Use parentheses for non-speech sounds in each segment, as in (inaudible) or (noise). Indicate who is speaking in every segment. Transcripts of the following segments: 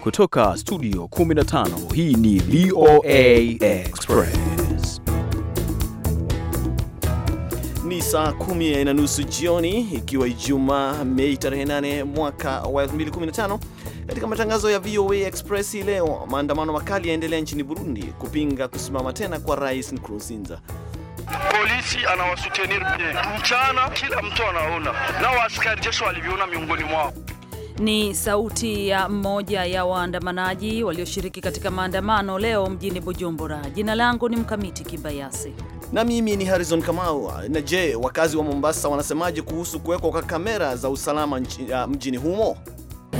Speaker 1: Kutoka studio 15 hii ni VOA Express. Ni saa kumi na nusu jioni ikiwa Ijumaa Mei tarehe 8 mwaka wa 2015. Katika matangazo ya VOA Express hii leo, maandamano makali yaendelea nchini Burundi kupinga kusimama tena kwa Rais Nkurunziza.
Speaker 2: Polisi anawasutenir mchana, kila mtu anaona, nao askari jeshi walivyoona miongoni mwao
Speaker 3: ni sauti ya mmoja ya waandamanaji walioshiriki katika maandamano leo mjini Bujumbura. Jina langu ni Mkamiti Kibayasi
Speaker 1: na mimi ni Harrison Kamau. Na je, wakazi wa Mombasa wanasemaje kuhusu kuwekwa kwa kamera za usalama mjini humo?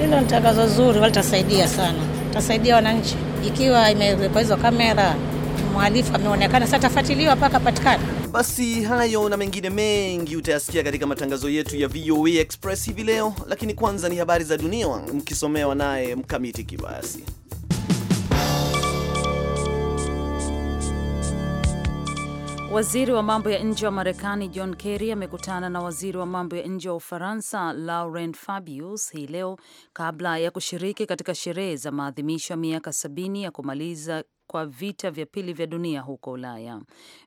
Speaker 3: Hilo ni
Speaker 4: tangazo zuri, walitasaidia sana, tasaidia wananchi ikiwa imewekwa hizo kamera mhalifu ameonekana, sasa tafuatiliwa mpaka patikana. Basi hayo na mengine mengi
Speaker 1: utayasikia katika matangazo yetu ya VOA Express hivi leo, lakini kwanza ni habari za dunia mkisomewa naye Mkamiti Kibayasi.
Speaker 3: Waziri wa mambo ya nje wa Marekani John Kerry amekutana na waziri wa mambo ya nje wa Ufaransa Laurent Fabius hii leo kabla ya kushiriki katika sherehe za maadhimisho ya miaka sabini ya kumaliza kwa vita vya pili vya dunia huko Ulaya.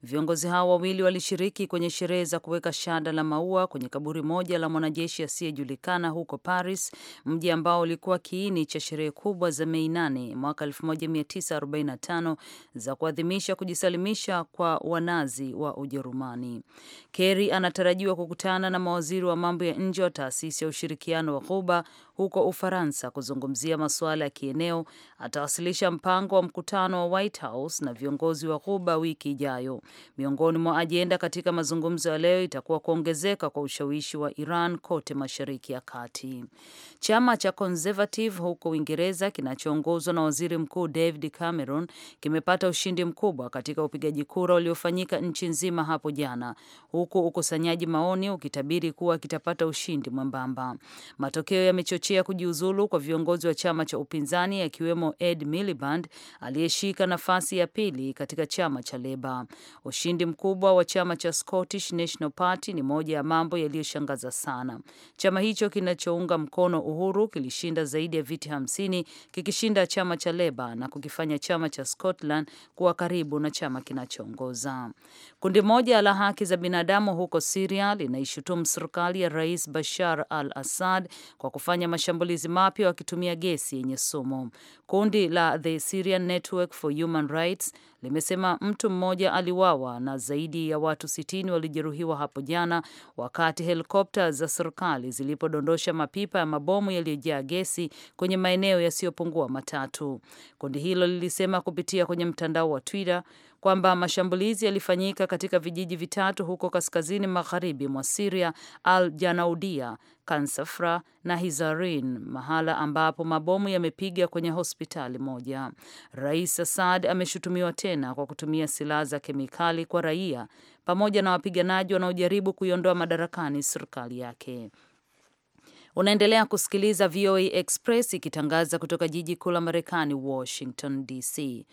Speaker 3: Viongozi hao wawili walishiriki kwenye sherehe za kuweka shada la maua kwenye kaburi moja la mwanajeshi asiyejulikana huko Paris, mji ambao ulikuwa kiini cha sherehe kubwa za Mei 8 mwaka 1945 za kuadhimisha kujisalimisha kwa Wanazi wa Ujerumani. Kerry anatarajiwa kukutana na mawaziri wa mambo ya nje wa taasisi ya ushirikiano wa Ghuba huko Ufaransa kuzungumzia masuala ya kieneo atawasilisha mpango wa mkutano wa White House na viongozi wa Ghuba wiki ijayo. Miongoni mwa ajenda katika mazungumzo ya leo itakuwa kuongezeka kwa ushawishi wa Iran kote Mashariki ya Kati. Chama cha Conservative huko Uingereza kinachoongozwa na Waziri Mkuu David Cameron kimepata ushindi mkubwa katika upigaji kura uliofanyika nchi nzima hapo jana, huku ukusanyaji maoni ukitabiri kuwa kitapata ushindi mwembamba. Matokeo yamechochea kujiuzulu kwa viongozi wa chama cha upinzani akiwemo Ed Miliband aliyeshika nafasi ya pili katika chama cha Leba. Ushindi mkubwa wa chama cha Scottish National Party ni moja ya mambo yaliyoshangaza sana. Chama hicho kinachounga mkono uhuru kilishinda zaidi ya viti hamsini kikishinda chama cha Leba na kukifanya chama cha Scotland kuwa karibu na chama kinachoongoza. Kundi moja la haki za binadamu huko Siria linaishutumu serikali ya Rais Bashar al Assad kwa kufanya mashambulizi mapya wakitumia gesi yenye sumu. Kundi la The Syrian Network for Human Rights limesema mtu mmoja aliwawa na zaidi ya watu 60 walijeruhiwa hapo jana wakati helikopta za serikali zilipodondosha mapipa ya mabomu yaliyojaa gesi kwenye maeneo yasiyopungua matatu. Kundi hilo lilisema kupitia kwenye mtandao wa Twitter kwamba mashambulizi yalifanyika katika vijiji vitatu huko kaskazini magharibi mwa Siria, Al Janaudia, Kansafra na Hizarin, mahala ambapo mabomu yamepiga kwenye hospitali moja. Rais Assad ameshutumiwa tena kwa kutumia silaha za kemikali kwa raia pamoja na wapiganaji wanaojaribu kuiondoa madarakani serikali yake. Unaendelea kusikiliza VOA Express ikitangaza kutoka jiji kuu la Marekani, Washington DC.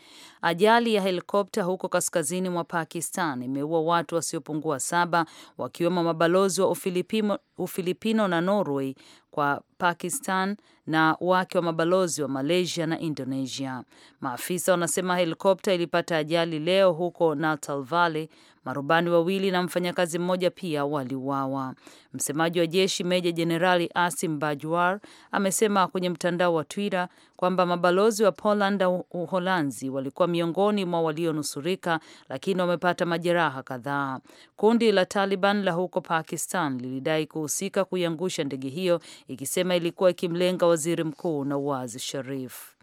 Speaker 3: Ajali ya helikopta huko kaskazini mwa Pakistan imeua watu wasiopungua saba, wakiwemo mabalozi wa Ufilipino, Ufilipino na Norway kwa Pakistan na wake wa mabalozi wa Malaysia na Indonesia. Maafisa wanasema helikopta ilipata ajali leo huko Natal Valley. Marubani wawili na mfanyakazi mmoja pia waliuawa. Msemaji wa jeshi Meja Jenerali Asim Bajwar amesema kwenye mtandao wa Twitter kwamba mabalozi wa Poland na Uholanzi walikuwa miongoni mwa walionusurika, lakini wamepata majeraha kadhaa. Kundi la Taliban la huko Pakistan lilidai kuhusika kuiangusha ndege hiyo, ikisema ilikuwa ikimlenga waziri mkuu Nawaz Sharif.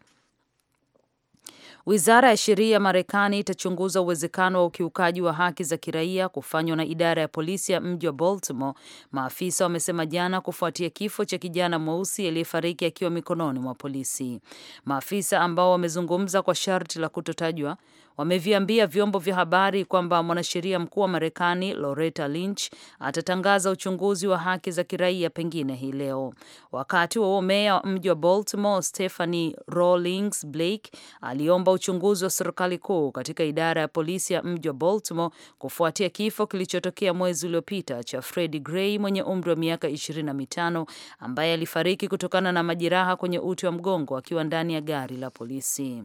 Speaker 3: Wizara ya sheria ya Marekani itachunguza uwezekano wa ukiukaji wa haki za kiraia kufanywa na idara ya polisi ya mji wa Baltimore, maafisa wamesema jana, kufuatia kifo cha kijana mweusi aliyefariki akiwa mikononi mwa polisi. Maafisa ambao wamezungumza kwa sharti la kutotajwa wameviambia vyombo vya habari kwamba mwanasheria mkuu wa Marekani Loretta Lynch atatangaza uchunguzi wa haki za kiraia pengine hii leo. Wakati wa meya wa mji wa Baltimore Stephanie Rawlings Blake aliomba uchunguzi wa serikali kuu katika idara ya polisi ya mji wa Baltimore kufuatia kifo kilichotokea mwezi uliopita cha Freddie Gray mwenye umri wa miaka ishirini na mitano ambaye alifariki kutokana na majeraha kwenye uti wa mgongo akiwa ndani ya gari la polisi.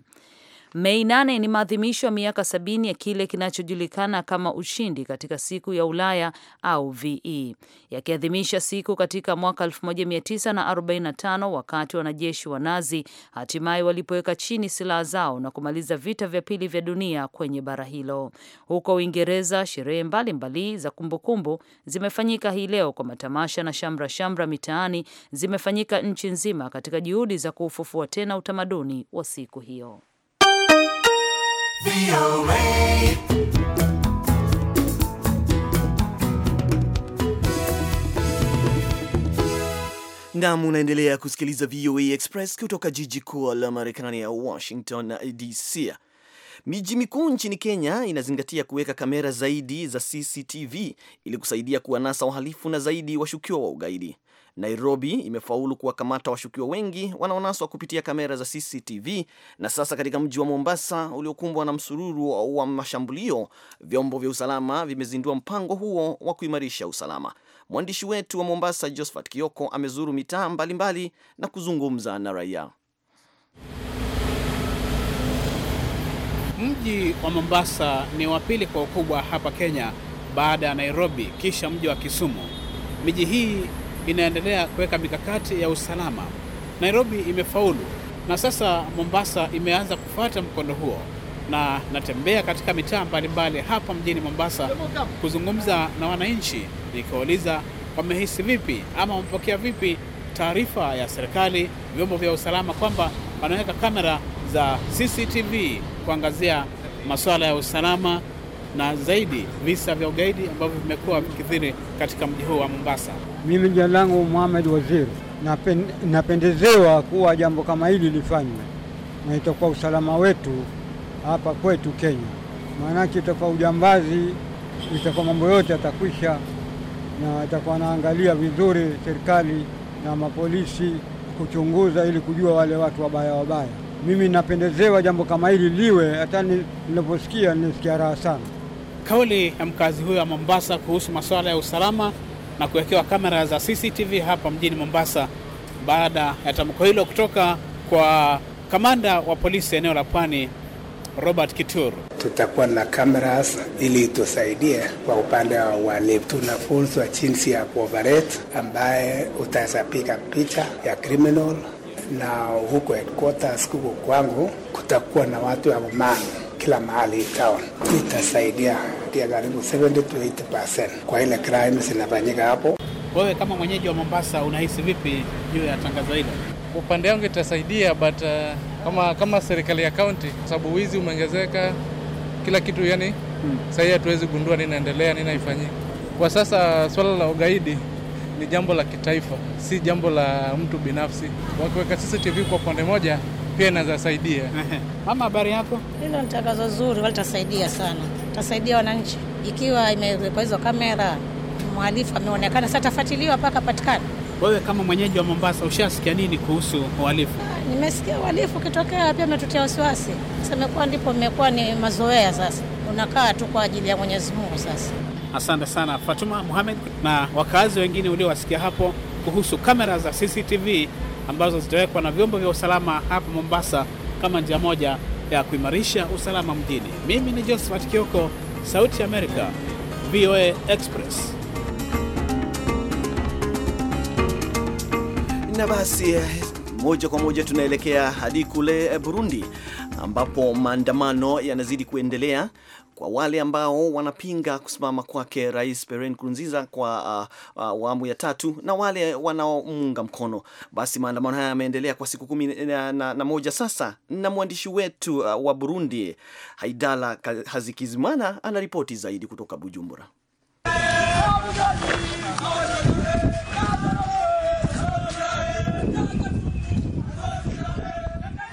Speaker 3: Mei nane ni maadhimisho ya miaka sabini ya kile kinachojulikana kama ushindi katika siku ya Ulaya au VE, yakiadhimisha siku katika mwaka 1945 wakati wanajeshi wa Nazi hatimaye walipoweka chini silaha zao na kumaliza vita vya pili vya dunia kwenye bara hilo. Huko Uingereza, sherehe mbalimbali za kumbukumbu zimefanyika hii leo kwa matamasha na shamra shamra mitaani zimefanyika nchi nzima katika juhudi za kuufufua tena utamaduni wa siku hiyo.
Speaker 1: Nam, unaendelea kusikiliza VOA Express kutoka jiji kuu la Marekani ya Washington eh, DC. Miji mikuu nchini Kenya inazingatia kuweka kamera zaidi za CCTV ili kusaidia kuwanasa wahalifu na zaidi washukiwa wa ugaidi. Nairobi imefaulu kuwakamata washukiwa wengi wanaonaswa kupitia kamera za CCTV na sasa katika mji wa Mombasa uliokumbwa na msururu wa mashambulio, vyombo vya usalama vimezindua mpango huo wa kuimarisha usalama. Mwandishi wetu wa Mombasa Josephat Kioko amezuru mitaa mbalimbali na kuzungumza na raia.
Speaker 5: Mji wa Mombasa ni wa pili kwa ukubwa hapa Kenya baada ya Nairobi, kisha mji wa Kisumu. Miji hii inaendelea kuweka mikakati ya usalama. Nairobi imefaulu na sasa Mombasa imeanza kufuata mkondo huo, na natembea katika mitaa mbalimbali hapa mjini Mombasa kuzungumza na wananchi nikiwauliza wamehisi vipi ama wamepokea vipi taarifa ya serikali, vyombo vya usalama kwamba wanaweka kamera za CCTV kuangazia masuala ya usalama na zaidi visa vya ugaidi ambavyo vimekuwa vikithiri katika mji huu wa Mombasa. Mimi jina langu Muhamed wazir napendezewa kuwa jambo kama hili lifanywe na itakuwa usalama wetu hapa kwetu Kenya, maanake itakuwa ujambazi, itakuwa mambo yote yatakwisha, na itakuwa naangalia vizuri serikali na mapolisi kuchunguza ili kujua wale watu wabaya wabaya. Mimi napendezewa jambo kama hili liwe, hata niliposikia nilisikia raha sana. Kauli ya mkazi huyo wa Mombasa kuhusu masuala ya usalama na kuwekewa kamera za CCTV hapa mjini Mombasa, baada ya tamko hilo kutoka kwa kamanda wa polisi eneo la Pwani Robert kitur Tutakuwa na cameras ili tusaidie kwa upande wa uhalifu. Tunafunzwa jinsi ya kuoperate, ambaye utaweza piga picha ya criminal, na huko headquarters kuko kwangu kutakuwa na watu wa umani kila mahali town, itasaidia wanapatia karibu 70 to 80% kwa ile crime zinafanyika hapo. Wewe kama mwenyeji wa Mombasa unahisi vipi juu ya tangazo hilo? Upande wangu itasaidia but uh, kama kama serikali ya kaunti, kwa sababu wizi umeongezeka kila kitu yani, hmm. Sasa hatuwezi gundua nini naendelea nini naifanyika kwa sasa. Swala la ugaidi ni jambo la kitaifa, si jambo la mtu binafsi. Wakiweka CCTV kwa upande moja pia inaweza saidia. (laughs)
Speaker 4: Mama, habari yako? Hilo ni tangazo zuri, walitasaidia sana tasaidia wananchi. Ikiwa imewekwa hizo kamera, mhalifu ameonekana, sasa tafuatiliwa mpaka patikana.
Speaker 5: Wewe kama mwenyeji wa Mombasa, ushasikia nini kuhusu uhalifu?
Speaker 4: Ah, nimesikia uhalifu ukitokea, pia umetutia wasiwasi. Semekuwa ndipo imekuwa ni mazoea, sasa unakaa tu kwa ajili ya Mwenyezi Mungu. Sasa
Speaker 5: asante sana Fatuma Muhamed na wakazi wengine uliowasikia hapo kuhusu kamera za CCTV ambazo zitawekwa na vyombo vya usalama hapa Mombasa kama njia moja ya kuimarisha usalama mjini. Mimi ni Josephat Kioko, Sauti ya Amerika, VOA Express. Na basi eh, moja kwa
Speaker 1: moja tunaelekea hadi kule eh, Burundi ambapo maandamano yanazidi kuendelea kwa wale ambao wanapinga kusimama kwake Rais Pierre Nkurunziza kwa awamu uh, uh, ya tatu na wale wanaomuunga mkono, basi maandamano haya yameendelea kwa siku kumi na, na, na moja sasa, na mwandishi wetu uh, wa Burundi Haidala Hazikizimana anaripoti zaidi kutoka Bujumbura.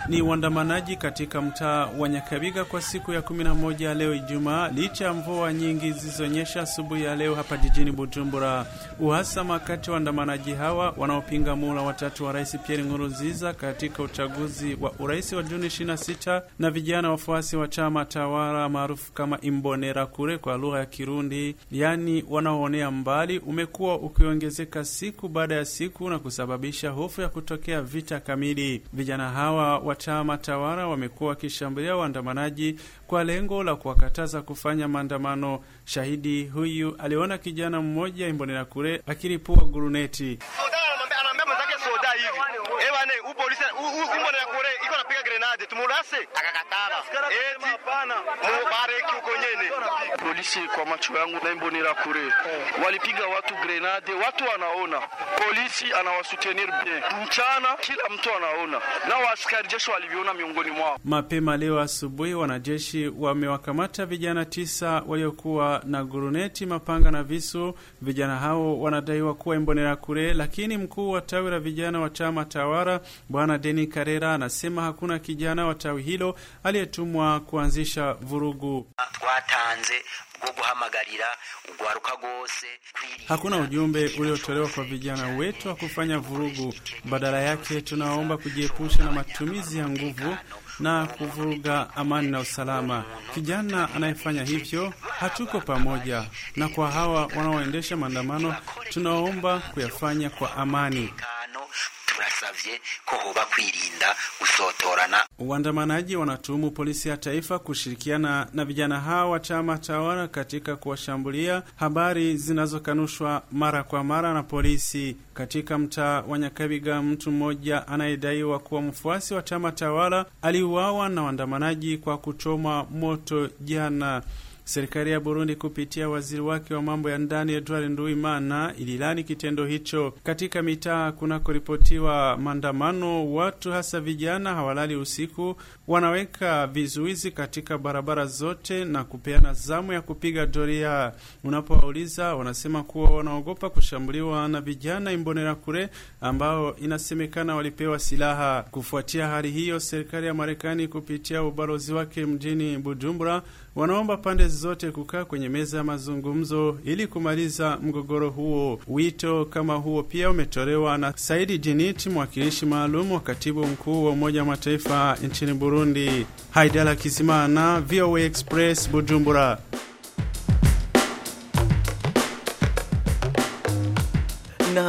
Speaker 6: ni waandamanaji katika mtaa wa Nyakabiga kwa siku ya 11 leo Ijumaa, licha ya mvua nyingi zilizonyesha asubuhi ya leo hapa jijini Bujumbura. Uhasama kati ya waandamanaji hawa wanaopinga muhula watatu wa Rais Pierre Nkurunziza katika uchaguzi wa urais wa Juni 26 na vijana wafuasi wa chama tawala maarufu kama Imbonerakure kwa lugha ya Kirundi, yaani wanaoonea mbali, umekuwa ukiongezeka siku baada ya siku na kusababisha hofu ya kutokea vita kamili. Vijana hawa chama tawala wamekuwa wakishambulia waandamanaji kwa lengo la kuwakataza kufanya maandamano. Shahidi huyu aliona kijana mmoja Imbonerakure akiripua guruneti
Speaker 7: Ewane, eh, u polisi u
Speaker 1: iko napiga grenade, tumurase akakatala. Eti eh, hapana, mubareki
Speaker 7: uko nyene.
Speaker 2: Polisi kwa macho yangu na naimbonera kure eh. Walipiga watu grenade, watu wanaona. Polisi anawasutenir bien. Mchana kila mtu anaona. Na waaskari jeshi waliviona miongoni mwao.
Speaker 6: Mapema leo asubuhi wanajeshi wamewakamata vijana tisa waliokuwa na guruneti, mapanga na visu. Vijana hao wanadaiwa kuwa kure lakini mkuu wa tawi la vijana wa chama tawala utawala Bwana Deni Karera anasema hakuna kijana wa tawi hilo aliyetumwa kuanzisha vurugu. Hakuna ujumbe uliotolewa kwa vijana wetu wa kufanya vurugu. Badala yake, tunaomba kujiepusha na matumizi ya nguvu na kuvuruga amani na usalama. Kijana anayefanya hivyo, hatuko pamoja, na kwa hawa wanaoendesha maandamano, tunaomba kuyafanya kwa amani
Speaker 1: yasavye ko hoba kwirinda
Speaker 6: gusotorana. Waandamanaji wanatuhumu polisi ya taifa kushirikiana na vijana hawa wa chama tawala katika kuwashambulia, habari zinazokanushwa mara kwa mara na polisi. Katika mtaa wa Nyakabiga, mtu mmoja anayedaiwa kuwa mfuasi wa chama tawala aliuawa na waandamanaji kwa kuchoma moto jana. Serikali ya Burundi kupitia waziri wake wa mambo ya ndani Edward Nduimana ililani kitendo hicho. Katika mitaa kunakoripotiwa maandamano, watu hasa vijana hawalali usiku, wanaweka vizuizi katika barabara zote na kupeana zamu ya kupiga doria. Unapowauliza wanasema kuwa wanaogopa kushambuliwa na vijana imbonera kure ambao inasemekana walipewa silaha. Kufuatia hali hiyo, serikali ya Marekani kupitia ubalozi wake mjini Bujumbura wanaomba pande zote kukaa kwenye meza ya mazungumzo ili kumaliza mgogoro huo. Wito kama huo pia umetolewa na Saidi Jinit, mwakilishi maalum wa katibu mkuu wa Umoja wa Mataifa nchini Burundi. Burundi. Haidala Kisimana, VOA Express, Bujumbura.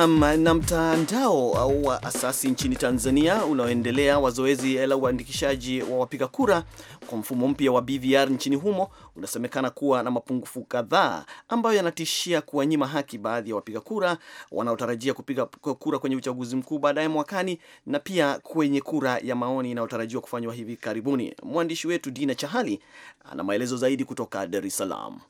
Speaker 1: Naam, na mtandao wa asasi nchini Tanzania unaoendelea wa zoezi la uandikishaji wa wapiga kura kwa mfumo mpya wa BVR nchini humo unasemekana kuwa na mapungufu kadhaa ambayo yanatishia kuwanyima haki baadhi ya wapiga kura wanaotarajia kupiga kura kwenye uchaguzi mkuu baadaye mwakani na pia kwenye kura ya maoni inayotarajiwa kufanywa hivi karibuni. Mwandishi wetu Dina Chahali ana maelezo zaidi kutoka Dar es Salaam.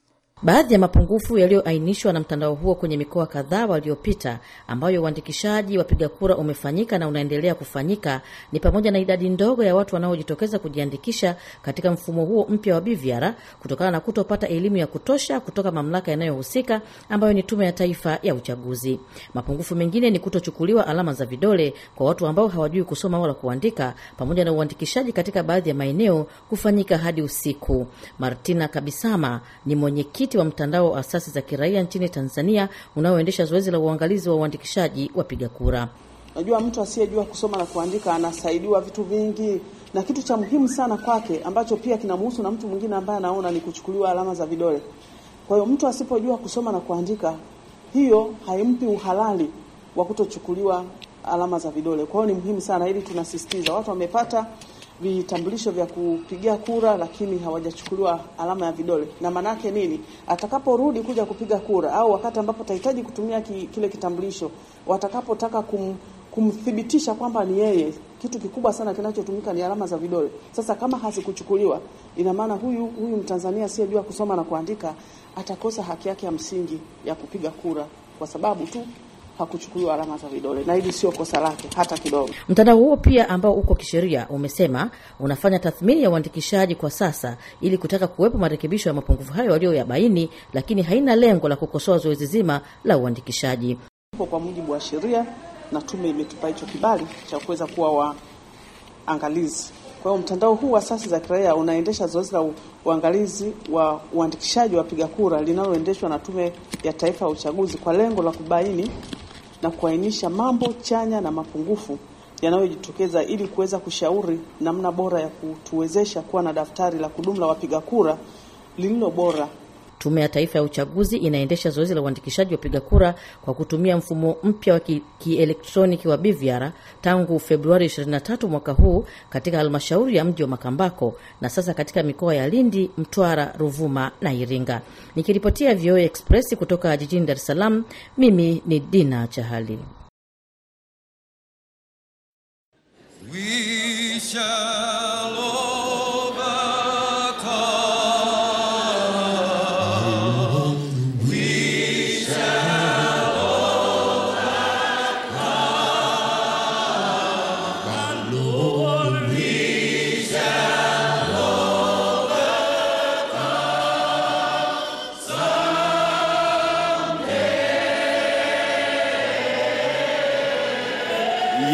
Speaker 8: Baadhi ya mapungufu yaliyoainishwa na mtandao huo kwenye mikoa kadhaa waliopita, ambayo uandikishaji wapiga kura umefanyika na unaendelea kufanyika, ni pamoja na idadi ndogo ya watu wanaojitokeza kujiandikisha katika mfumo huo mpya wa BVR kutokana na kutopata elimu ya kutosha kutoka mamlaka yanayohusika ambayo ni Tume ya Taifa ya Uchaguzi. Mapungufu mengine ni kutochukuliwa alama za vidole kwa watu ambao hawajui kusoma wala kuandika, pamoja na uandikishaji katika baadhi ya maeneo kufanyika hadi usiku. Martina Kabisama ni mwenyekiti mwenyekiti wa mtandao wa asasi za kiraia nchini Tanzania unaoendesha zoezi la uangalizi wa uandikishaji wapiga kura.
Speaker 2: najua mtu asiyejua kusoma na kuandika anasaidiwa vitu vingi, na kitu cha muhimu sana kwake ambacho pia kinamhusu na mtu mwingine ambaye anaona ni kuchukuliwa alama za vidole. Kwa hiyo mtu asipojua kusoma na kuandika, hiyo haimpi uhalali wa kutochukuliwa alama za vidole. Kwa hiyo ni muhimu sana, ili tunasisitiza watu wamepata vitambulisho vya kupigia kura, lakini hawajachukuliwa alama ya vidole. Na maanake nini? Atakaporudi kuja kupiga kura au wakati ambapo atahitaji kutumia ki, kile kitambulisho, watakapotaka kum, kumthibitisha kwamba ni yeye, kitu kikubwa sana kinachotumika ni alama za vidole. Sasa kama hazikuchukuliwa, ina maana huyu huyu Mtanzania asiyejua kusoma na kuandika atakosa haki yake ya msingi ya kupiga kura kwa sababu tu hakuchukuliwa alama za vidole, na hili sio kosa lake hata kidogo.
Speaker 8: Mtandao huo pia ambao uko kisheria umesema unafanya tathmini ya uandikishaji kwa sasa ili kutaka kuwepo marekebisho ya mapungufu hayo waliyoyabaini, lakini haina lengo la kukosoa zoezi zima la uandikishaji.
Speaker 2: Tupo kwa mujibu wa sheria na tume imetupa hicho kibali cha kuweza kuwa waangalizi. Kwa hiyo mtandao huu wa asasi za kiraia unaendesha zoezi la uangalizi wa uandikishaji wa wapiga kura linaloendeshwa na Tume ya Taifa ya Uchaguzi kwa lengo la kubaini na kuainisha mambo chanya na mapungufu yanayojitokeza ili kuweza kushauri namna bora ya kutuwezesha kuwa na daftari la kudumu la wapiga kura
Speaker 8: lililo bora Tume ya Taifa ya Uchaguzi inaendesha zoezi la uandikishaji wapiga kura kwa kutumia mfumo mpya wa kielektroniki ki wa BVR tangu Februari 23 mwaka huu katika halmashauri ya mji wa Makambako na sasa katika mikoa ya Lindi, Mtwara, Ruvuma na Iringa. Nikiripotia VOA Express kutoka jijini Dar es Salaam, mimi ni Dina Chahali.
Speaker 7: We shall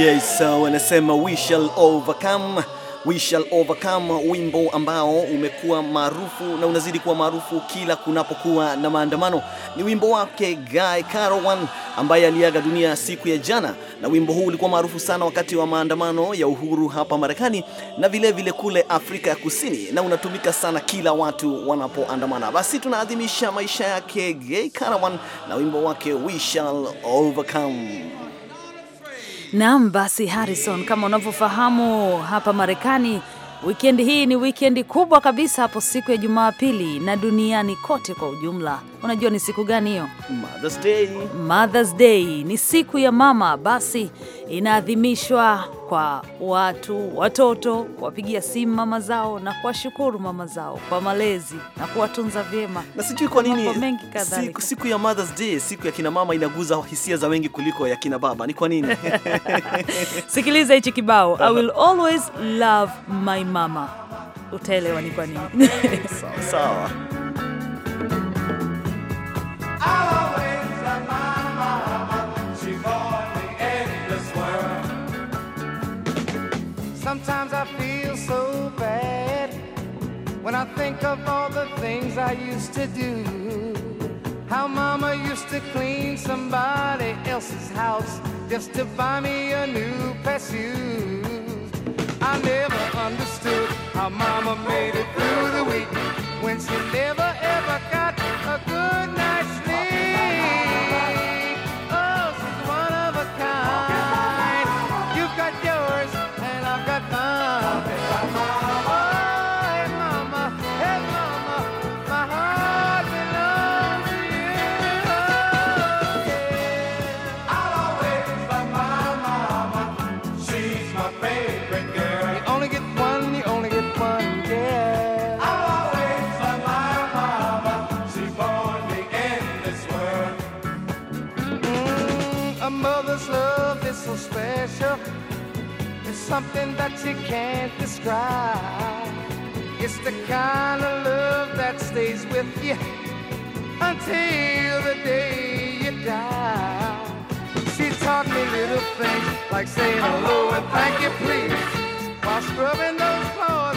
Speaker 1: Jaysaw wanasema we shall overcome, we shall overcome, wimbo ambao umekuwa maarufu na unazidi kuwa maarufu kila kunapokuwa na maandamano. Ni wimbo wake Guy Carawan ambaye aliaga dunia siku ya jana, na wimbo huu ulikuwa maarufu sana wakati wa maandamano ya uhuru hapa Marekani na vilevile vile kule Afrika ya Kusini, na unatumika sana kila watu wanapoandamana. Basi tunaadhimisha maisha yake Guy Carawan na wimbo wake we shall overcome.
Speaker 3: Naam, basi Harrison, kama unavyofahamu hapa Marekani wikendi hii ni wikendi kubwa kabisa hapo siku ya Jumapili na duniani kote kwa ujumla. Unajua ni siku gani hiyo? Mother's Day. Mother's Day ni siku ya mama. Basi inaadhimishwa kwa watu, watoto kuwapigia simu mama zao na kuwashukuru mama zao kwa malezi na kuwatunza vyema. Na sijui kwa nini siku,
Speaker 1: siku ya Mother's Day, siku ya kina mama inaguza hisia za wengi kuliko ya kina baba, ni kwa nini? (laughs)
Speaker 3: (laughs) Sikiliza hichi kibao, I will always love my mama, utaelewa ni kwa nini. Sawa sawa.
Speaker 7: things I used to do. How mama used to clean somebody else's house just to buy me a new pursuit. I never understood how mama made it through the week when she never ever got a good night. my favorite girl. You only get one, you only get one, yeah. I'll always love my mama. She me in this world. Mm, a mother's love is so special. It's something that you can't describe. It's the kind of love that stays with you until the day taught me little things like saying hello oh, and thank you, please, while scrubbing those floors.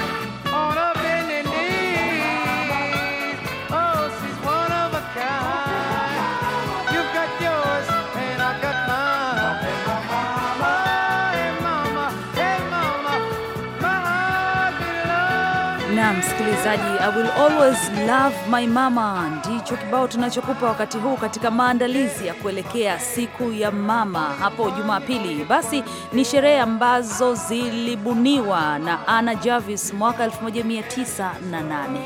Speaker 3: msikilizaji, I will always love my mama ndicho kibao tunachokupa wakati huu katika maandalizi ya kuelekea siku ya mama hapo Jumapili. Basi ni sherehe ambazo zilibuniwa na Anna Jarvis mwaka 1908.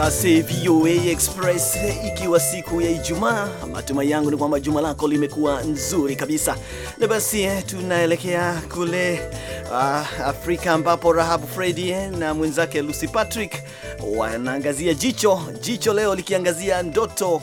Speaker 1: Basi VOA Express, ikiwa siku ya Ijumaa, matumai yangu ni kwamba juma lako limekuwa nzuri kabisa. Na basi eh, tunaelekea kule uh, Afrika ambapo Rahab Fredi eh, na mwenzake Lucy Patrick wanaangazia jicho jicho, leo likiangazia ndoto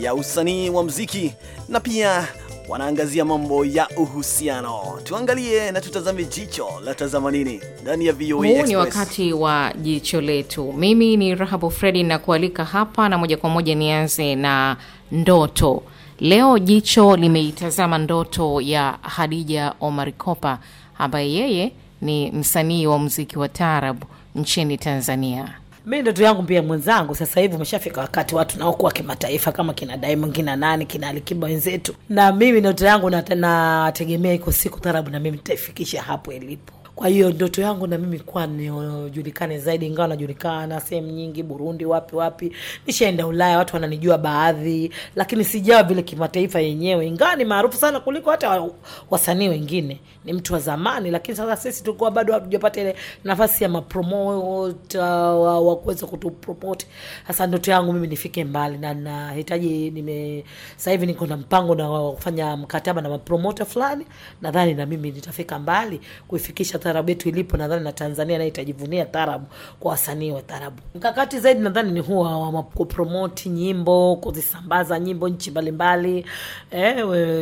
Speaker 1: ya usanii wa muziki na pia wanaangazia mambo ya uhusiano. Tuangalie na tutazame jicho la tazama nini ndani ya VOA Express. ni wakati
Speaker 8: wa jicho letu. Mimi ni Rahabu Fredi na kualika hapa, na moja kwa moja nianze na ndoto. Leo jicho limeitazama ndoto ya Hadija Omar Kopa ambaye yeye ni msanii wa muziki wa taarabu nchini
Speaker 4: Tanzania mi ndoto yangu pia mwenzangu, sasa hivi umeshafika wakati watu naokuwa kimataifa kama kina Diamond, kina nani, kina Alikiba wenzetu, na mimi ndoto yangu nategemea iko siku tarabu na mimi nitaifikisha hapo ilipo. Kwa hiyo ndoto yangu na mimi kuwa nijulikane zaidi, ingawa najulikana sehemu nyingi, Burundi wapi wapi, nishaenda Ulaya, watu wananijua baadhi, lakini sijawa vile kimataifa yenyewe, ingawa ni maarufu sana kuliko hata wasanii wengine. Ni mtu wa zamani, lakini sasa sisi tulikuwa bado hatujapata ile nafasi ya mapromote uh, wa, wa kuweza kutupromote. Sasa ndoto yangu mimi nifike mbali na nahitaji, nime sasa hivi niko na mpango na kufanya mkataba na mapromoter fulani, nadhani na mimi nitafika mbali kuifikisha tarabu yetu ilipo, nadhani na Tanzania nayo itajivunia tarabu kwa wasanii wa tarabu. Mkakati zaidi nadhani ni huwa wa kupromoti nyimbo, kuzisambaza nyimbo nchi mbalimbali. Eh,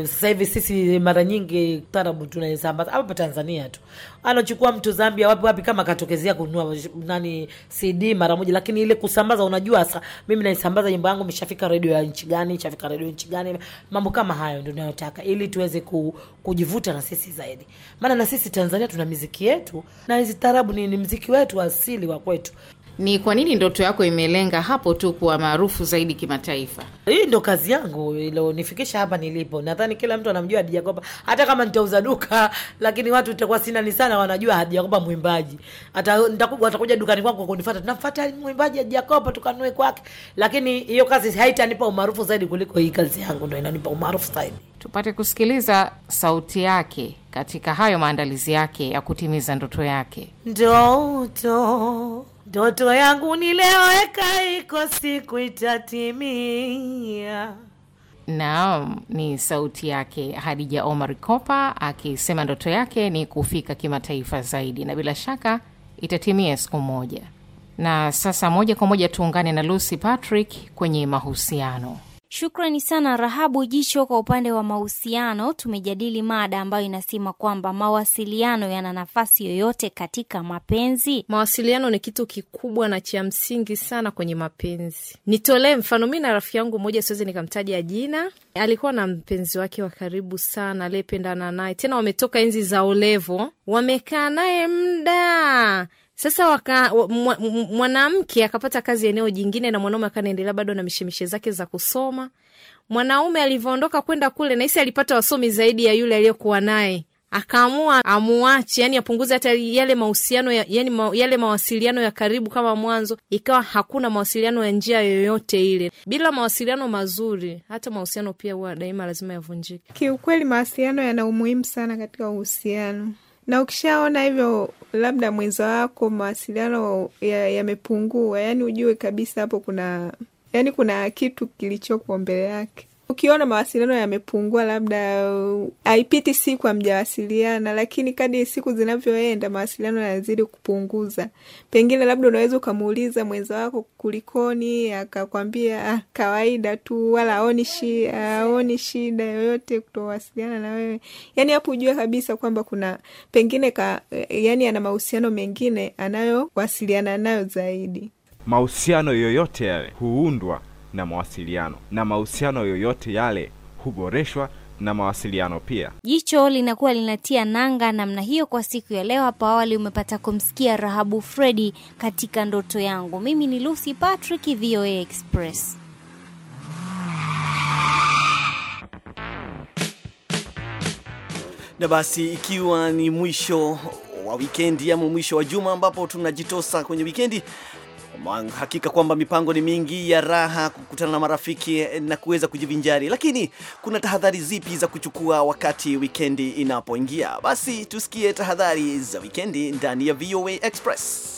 Speaker 4: sasa hivi sisi mara nyingi tarabu tunaisambaza hapa Tanzania tu, anachukua mtu Zambia wapi wapi, kama katokezea kununua nani CD mara moja, lakini ile kusambaza, unajua sasa mimi naisambaza nyimbo yangu imeshafika redio ya nchi gani, ishafika redio nchi gani, mambo kama hayo ndio ninayotaka, ili tuweze ku, kujivuta na sisi zaidi, maana na sisi Tanzania tuna muziki miziki yetu, na hizi tarabu ni, ni mziki wetu asili wa kwetu.
Speaker 8: Ni kwa nini ndoto yako imelenga hapo
Speaker 4: tu kuwa maarufu zaidi kimataifa? Hii ndo kazi yangu ilonifikisha hapa nilipo. Nadhani kila mtu anamjua Hadija Kopa, hata kama nitauza duka, lakini watu takuwa sinani sana wanajua Hadija Kopa mwimbaji. watakuja dukani kwangu kunifata tunamfata mwimbaji Hadija Kopa, tukanue kwake. Lakini hiyo kazi haitanipa umaarufu zaidi
Speaker 8: kuliko hii kazi yangu, ndo inanipa umaarufu zaidi. Tupate kusikiliza sauti yake katika hayo maandalizi yake ya kutimiza ndoto yake.
Speaker 4: Ndoto Ndoto yangu niliyoweka iko siku itatimia.
Speaker 8: Naam, ni sauti yake Hadija Omar Kopa akisema ndoto yake ni kufika kimataifa zaidi, na bila shaka itatimia siku moja. Na sasa moja kwa moja tuungane na Lucy Patrick kwenye mahusiano. Shukrani sana Rahabu Jicho. Kwa upande wa mahusiano, tumejadili mada ambayo inasema kwamba mawasiliano yana nafasi yoyote katika mapenzi. Mawasiliano ni kitu kikubwa na cha msingi sana kwenye mapenzi. Nitolee mfano, mi na rafiki yangu mmoja, siwezi nikamtaja jina, alikuwa na mpenzi wake wa karibu sana aliyependana naye, tena wametoka enzi za olevo, wamekaa naye mda sasa waka, mwanamke akapata kazi eneo jingine na mwanaume akanaendelea bado na mishemishe zake za kusoma. Mwanaume alivyoondoka kwenda kule, nahisi alipata wasomi zaidi ya yule aliyokuwa naye, akaamua amuache, yani apunguze hata yale mahusiano ya, yani ma, yale mawasiliano ya karibu kama mwanzo, ikawa hakuna mawasiliano ya njia yoyote ile. Bila mawasiliano mazuri, hata mahusiano pia huwa daima lazima yavunjike.
Speaker 4: Kiukweli, mawasiliano yana umuhimu sana katika uhusiano na ukishaona hivyo labda mwenza wako mawasiliano yamepungua ya, yani ujue kabisa hapo kuna yani kuna kitu kilichopo mbele yake ukiona mawasiliano yamepungua, labda haipiti siku amjawasiliana lakini kadi siku zinavyoenda mawasiliano yanazidi kupunguza. Pengine labda unaweza ukamuuliza mwenza wako kulikoni, akakwambia ah, kawaida tu, wala aoni shi, aoni shida yoyote kutowasiliana na wewe. Yani hapo ujue kabisa kwamba kuna pengine ka, yani ana mahusiano mengine anayowasiliana nayo
Speaker 8: zaidi.
Speaker 5: Mahusiano yoyote yale huundwa na mawasiliano, na mahusiano yoyote yale huboreshwa na mawasiliano pia.
Speaker 8: Jicho linakuwa linatia nanga namna hiyo kwa siku ya leo. Hapo awali umepata kumsikia Rahabu Fredi katika ndoto yangu. Mimi ni Lucy Patrick, VOA Express.
Speaker 1: Na basi ikiwa ni mwisho wa wikendi ama mwisho wa juma ambapo tunajitosa kwenye wikendi, Hakika kwamba mipango ni mingi ya raha, kukutana na marafiki na kuweza kujivinjari, lakini kuna tahadhari zipi za kuchukua wakati wikendi inapoingia? Basi tusikie tahadhari za wikendi ndani ya VOA Express.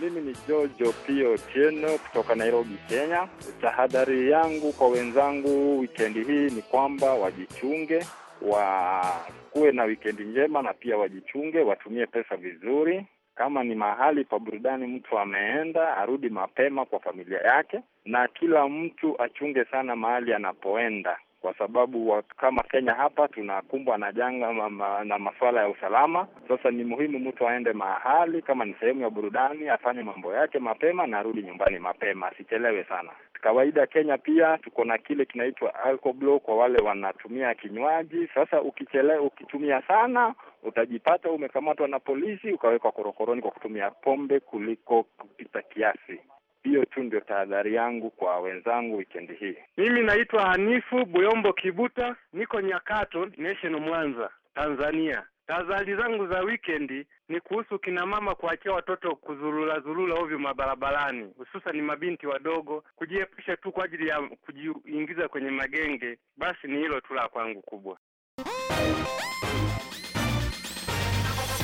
Speaker 6: Mimi ni Jojo Pio Tieno kutoka Nairobi, Kenya. Tahadhari yangu kwa wenzangu
Speaker 8: wikendi hii ni kwamba wajichunge, wakuwe na wikendi njema na pia wajichunge, watumie pesa vizuri kama ni mahali pa burudani, mtu ameenda arudi mapema kwa familia yake, na kila mtu achunge sana mahali
Speaker 5: anapoenda kwa sababu kama Kenya hapa tunakumbwa na janga mama, na masuala ya usalama. Sasa ni muhimu mtu aende mahali, kama ni sehemu ya burudani, afanye mambo yake
Speaker 8: mapema na arudi nyumbani mapema, asichelewe sana. Kawaida Kenya pia tuko na kile kinaitwa alcoblow kwa wale wanatumia kinywaji. Sasa ukichele, ukitumia sana, utajipata umekamatwa na polisi ukawekwa korokoroni kwa kutumia pombe kuliko kupita kiasi. Hiyo tu ndio tahadhari yangu kwa wenzangu wikendi hii.
Speaker 6: Mimi naitwa Hanifu Buyombo Kibuta, niko Nyakato National, Mwanza, Tanzania. Tahadhari zangu za wikendi ni kuhusu kina mama kuachia watoto kuzurura zurura ovyo mabarabarani, hususan mabinti wadogo, kujiepusha tu kwa ajili ya kujiingiza kwenye magenge. Basi ni hilo tu la kwangu kubwa.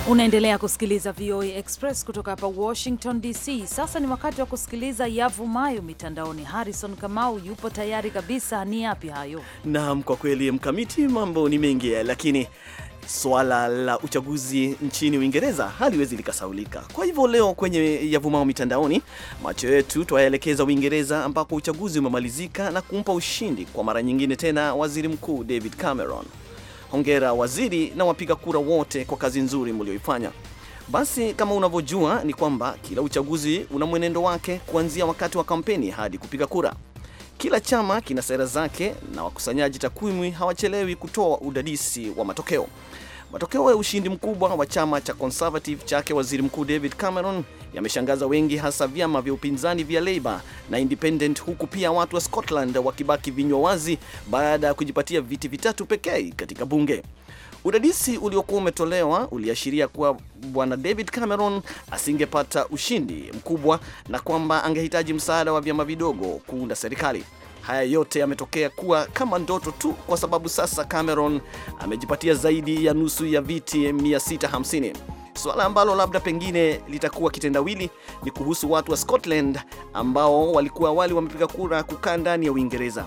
Speaker 3: Unaendelea kusikiliza VOA Express kutoka hapa Washington DC. Sasa ni wakati wa kusikiliza yavumayo mitandaoni. Harrison Kamau yupo tayari kabisa. Ni yapi hayo?
Speaker 1: Naam, kwa kweli Mkamiti, mambo ni mengi, lakini swala la uchaguzi nchini Uingereza haliwezi likasaulika. Kwa hivyo leo kwenye yavumao mitandaoni, macho yetu twayaelekeza Uingereza ambako uchaguzi umemalizika na kumpa ushindi kwa mara nyingine tena waziri mkuu David Cameron. Hongera waziri na wapiga kura wote kwa kazi nzuri mlioifanya. Basi kama unavyojua ni kwamba kila uchaguzi una mwenendo wake, kuanzia wakati wa kampeni hadi kupiga kura. Kila chama kina sera zake, na wakusanyaji takwimu hawachelewi kutoa udadisi wa matokeo. Matokeo ya ushindi mkubwa wa chama cha Conservative chake waziri mkuu David Cameron yameshangaza wengi, hasa vyama vya upinzani vya Labour na Independent, huku pia watu wa Scotland wakibaki vinywa wazi baada ya kujipatia viti vitatu pekee katika bunge. Udadisi uliokuwa umetolewa uliashiria kuwa bwana David Cameron asingepata ushindi mkubwa na kwamba angehitaji msaada wa vyama vidogo kuunda serikali. Haya yote yametokea kuwa kama ndoto tu, kwa sababu sasa Cameron amejipatia zaidi ya nusu ya viti 650. Suala ambalo labda pengine litakuwa kitendawili ni kuhusu watu wa Scotland ambao walikuwa awali wamepiga kura kukaa ndani ya Uingereza.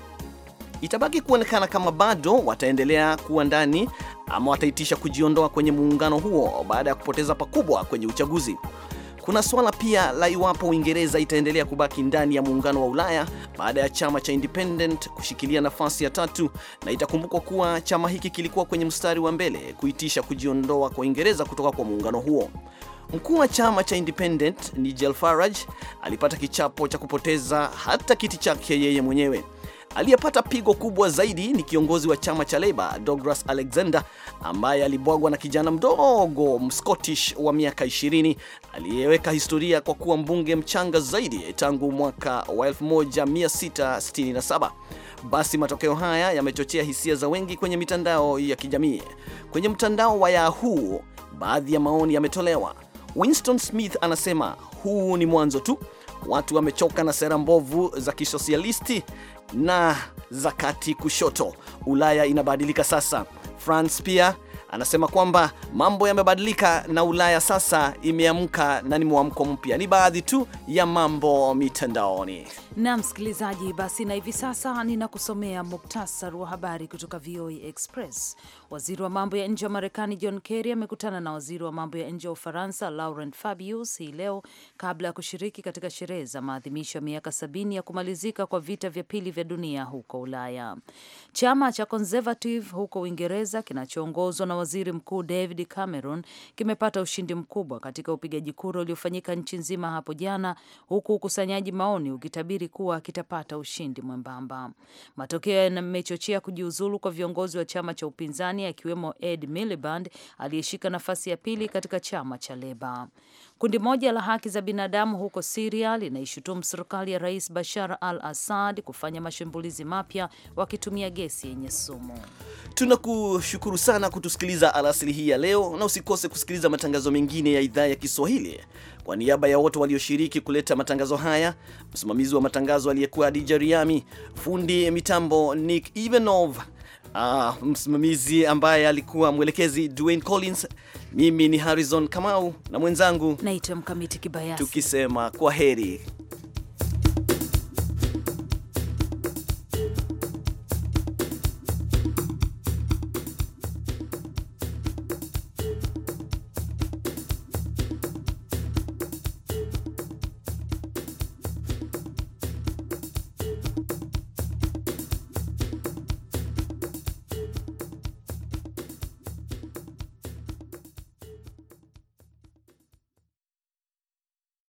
Speaker 1: Itabaki kuonekana kama bado wataendelea kuwa ndani ama wataitisha kujiondoa kwenye muungano huo baada ya kupoteza pakubwa kwenye uchaguzi. Kuna suala pia la iwapo Uingereza itaendelea kubaki ndani ya muungano wa Ulaya baada ya chama cha Independent kushikilia nafasi ya tatu, na itakumbukwa kuwa chama hiki kilikuwa kwenye mstari wa mbele kuitisha kujiondoa kwa Uingereza kutoka kwa muungano huo. Mkuu wa chama cha Independent Nigel Farage alipata kichapo cha kupoteza hata kiti chake yeye mwenyewe. Aliyepata pigo kubwa zaidi ni kiongozi wa chama cha Leba Douglas Alexander, ambaye alibwagwa na kijana mdogo Mscottish wa miaka 20 aliyeweka historia kwa kuwa mbunge mchanga zaidi tangu mwaka wa 1667. Basi matokeo haya yamechochea hisia za wengi kwenye mitandao ya kijamii. Kwenye mtandao wa Yahoo, baadhi ya maoni yametolewa. Winston Smith anasema huu ni mwanzo tu, watu wamechoka na sera mbovu za kisosialisti na za kati kushoto. Ulaya inabadilika sasa. France pia anasema kwamba mambo yamebadilika na Ulaya sasa imeamka na ni mwamko mpya. Ni baadhi tu ya mambo mitandaoni.
Speaker 3: Na msikilizaji, basi na hivi sasa ninakusomea muktasar wa habari kutoka VOA e Express. Waziri wa mambo ya nje wa Marekani John Kerry amekutana na waziri wa mambo ya nje wa Ufaransa Laurent Fabius hii leo kabla ya kushiriki katika sherehe za maadhimisho ya miaka sabini ya kumalizika kwa vita vya pili vya dunia huko Ulaya. Chama cha Conservative huko Uingereza kinachoongozwa na waziri mkuu David Cameron kimepata ushindi mkubwa katika upigaji kura uliofanyika nchi nzima hapo jana, huku ukusanyaji maoni ukitabiri kuwa kitapata ushindi mwembamba. Matokeo yamechochea kujiuzulu kwa viongozi wa chama cha upinzani upinzani akiwemo Ed Miliband aliyeshika nafasi ya pili katika chama cha Leba. Kundi moja la haki za binadamu huko Siria linaishutumu serikali ya Rais Bashar al Assad kufanya mashambulizi mapya wakitumia gesi yenye sumu.
Speaker 1: Tunakushukuru sana kutusikiliza alasiri hii ya leo, na usikose kusikiliza matangazo mengine ya idhaa ya Kiswahili. Kwa niaba ya wote walioshiriki kuleta matangazo haya, msimamizi wa matangazo aliyekuwa Adija Riami, fundi mitambo Nick Ivanov uh, msimamizi ambaye alikuwa mwelekezi Dwayne Collins. Mimi ni Harrison Kamau na mwenzangu
Speaker 3: naitwa Mkamiti Kibayasi,
Speaker 1: tukisema kwa heri.